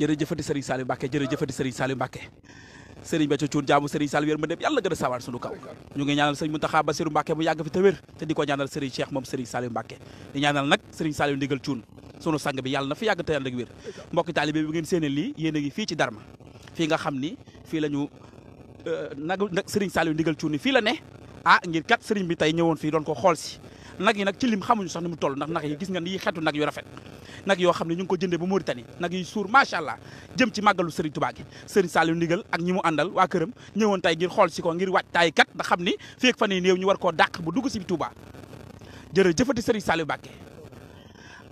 jërëjëfati Serigne Saliou Mbacké jërëjëfati Serigne Saliou Mbacké Serigne Béthio Thioune jaamu Serigne Saliou wér ma dem yàlla gën a sawaat sunu kaw ñu ngi ñaanal Serigne Mountakha Bassirou Mbacké mu yàgg fi te wér te di ko ñaanal Serigne Cheikh moom Serigne Saliou Mbacké di ñaanal nag Serigne Saliou ndigal Thioune sunu sang bi yàlla na fi yàgg te yàlla ak wér mbokki taalibe bi ngeen séenee lii yéen a ngi fii ci nga xam ni fii la ñu euh, nag Serigne Saliou ndigal Thioune fii la ne ah ngir kat Serigne bi tey ñëwoon fii doon ko xool si nag yi nag ci lim xamuñu sox ni mu toll ndax nag yi gis nga ni xeetu nag yu rafet nag yoo xam ne ñu ngi ko jëndee ba Mauritanie nag yi suur macha allah jëm ci màggalu Serigne Touba gi Serigne Saliou Ndigal ak ñi mu àndal waa këram ñëwoon tay ngir xool si ko ngir wàaj tay kat da xam ni feek fan yi néew ñu war koo dàq bu dugg si Touba jërëjëfati Serigne Saliou Mbacké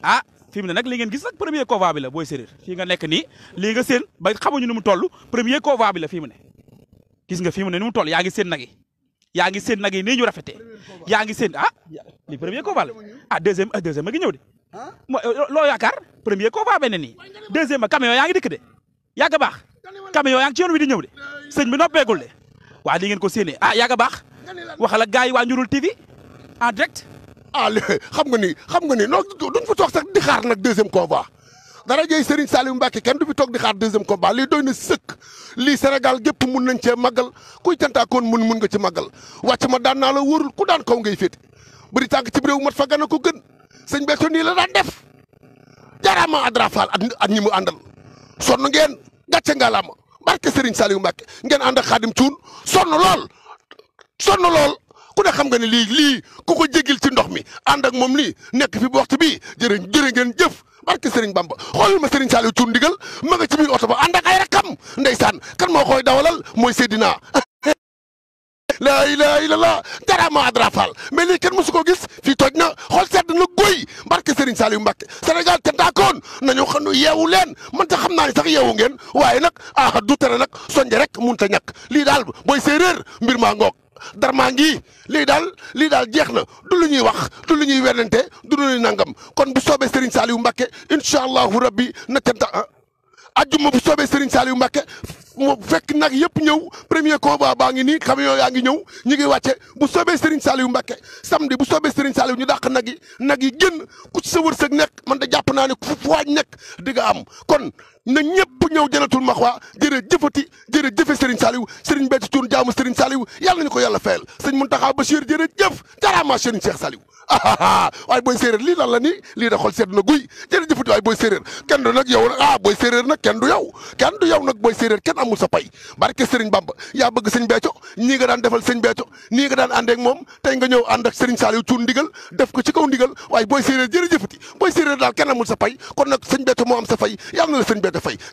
ah fi mu ne nag li ngeen gis nag premier convoi bi booy séréer fii nga nekk nii lii nga seen ba xamuñu ni mu toll premier convoi fi mu ne gis nga fi mu ne ni mu toll yaa ngi seen nag yaa ngi seen nag yi nii ñu rafetee yaa ngi seen ah, a li premier combat a ah deuxième ma euh, deuxième a ngi ñëw de ah? mooy euh, loo yaakaar premier combat ne ni deuxième a camion yaa ngi dikk de yàgg baax camion yaa ngi ci yoon wi di ñëw de sëñ bi noppeegul de waa li ngeen ko séenee ah yàgg baax waxal ak gars yi waa Njurul TV en direct. ah xam nga ni xam nga ni non duñ fa toog sax di xaar nag deuxième combat. dara jëy Serigne Saliou Mbacke kenn du fi toog di xaar deuxième combat lii doy na sëkk lii Sénégal gépp mun nañ cee ku kuy cantaakoon mun mun nga ci màggal wàcc ma daan naa la wóorul ku daan kaw ngay féete bu di tànk ci réew mat fa gën ko gën sëñ Béthio nii la daan def jaaraama Adra Fall ak ñi mu àndal sonn ngeen gàcce ngalaama barke Serigne Saliou Mbacke ngeen ànd ak xaadim cuun sonn lool sonn lool ku ne xam nga ne lii lii ku ko jégil ci ndox mi ànd ak moom lii nekk fi bu waxtu bii jërë jërë ngeen jëf barke Serigne Bamba xoolal ma Serigne Saliou Thioune ndigal ma nga ci biir oto ba ànd ak ay rakam ndeysaan kan moo koy dawalal mooy Seydina. laa ilaaha illallaah jaraama Adra Fall mais lii kenn mësu gis fii tooj na xool sedd na góy barke Serigne Saliou Mbacke Sénégal te daakoon nañu xam ne yeewu leen man te xam naa ne sax yeewu ngeen waaye nag ah du tere nag sonje rek mun ta ñàkk lii daal booy séeréer mbir maa ngoog maa ngi lii daal lii daal jeex na du lu ñuy wax du lu ñuy werante du lu ñuy nangam kon bu soobee Serigne Saliou Mbacke incha allahu rabbi na cant ah. ajjuma bu soobee Serigne Saliou Mbacke mu fekk nag yëpp ñëw premier ba baa ngi nii camion yaa ngi ñëw ñu ngi wàcce bu soobee Serigne Saliou Mbacke samedi bu soobee Serigne Saliou ñu dàq nag yi nag yi génn ku ci sa wërsëg nekk man jàpp naa ne fu waaj nekk di nga am kon na ñëpp ñëw jënatul maxwaa jërë jëfati jërë jëfe Serigne Saliou Serigne Béthio Thioune jaamu Serigne Saliou yàlla nañu ko yàlla fayal sëñ Mountakha Bachir jërë jëf jaraama Serigne Cheikh Saliou waaye booy séeréer lii lan la ni lii da xol sedd na guy jërëjëfati waaye booy séeréer kenn du nag yow nag ah booy séréer nak kenn du yow kenn du yow nag booy séeréer kenn amul sa pay barke Serigne Bamba yaa bëgg sëñ Béthio ñii nga daan defal sëñ Béthio nii nga daan àndeek moom tey nga ñëw ànd ak Serigne Saliou Thioune ndigal def ko ci kaw ndigal waaye booy séeréer jërëjëfati booy séeréer daal kenn amul sa pay kon nag sëñ Béthio moom am sa fay yàlla na la sëñ Béthio fay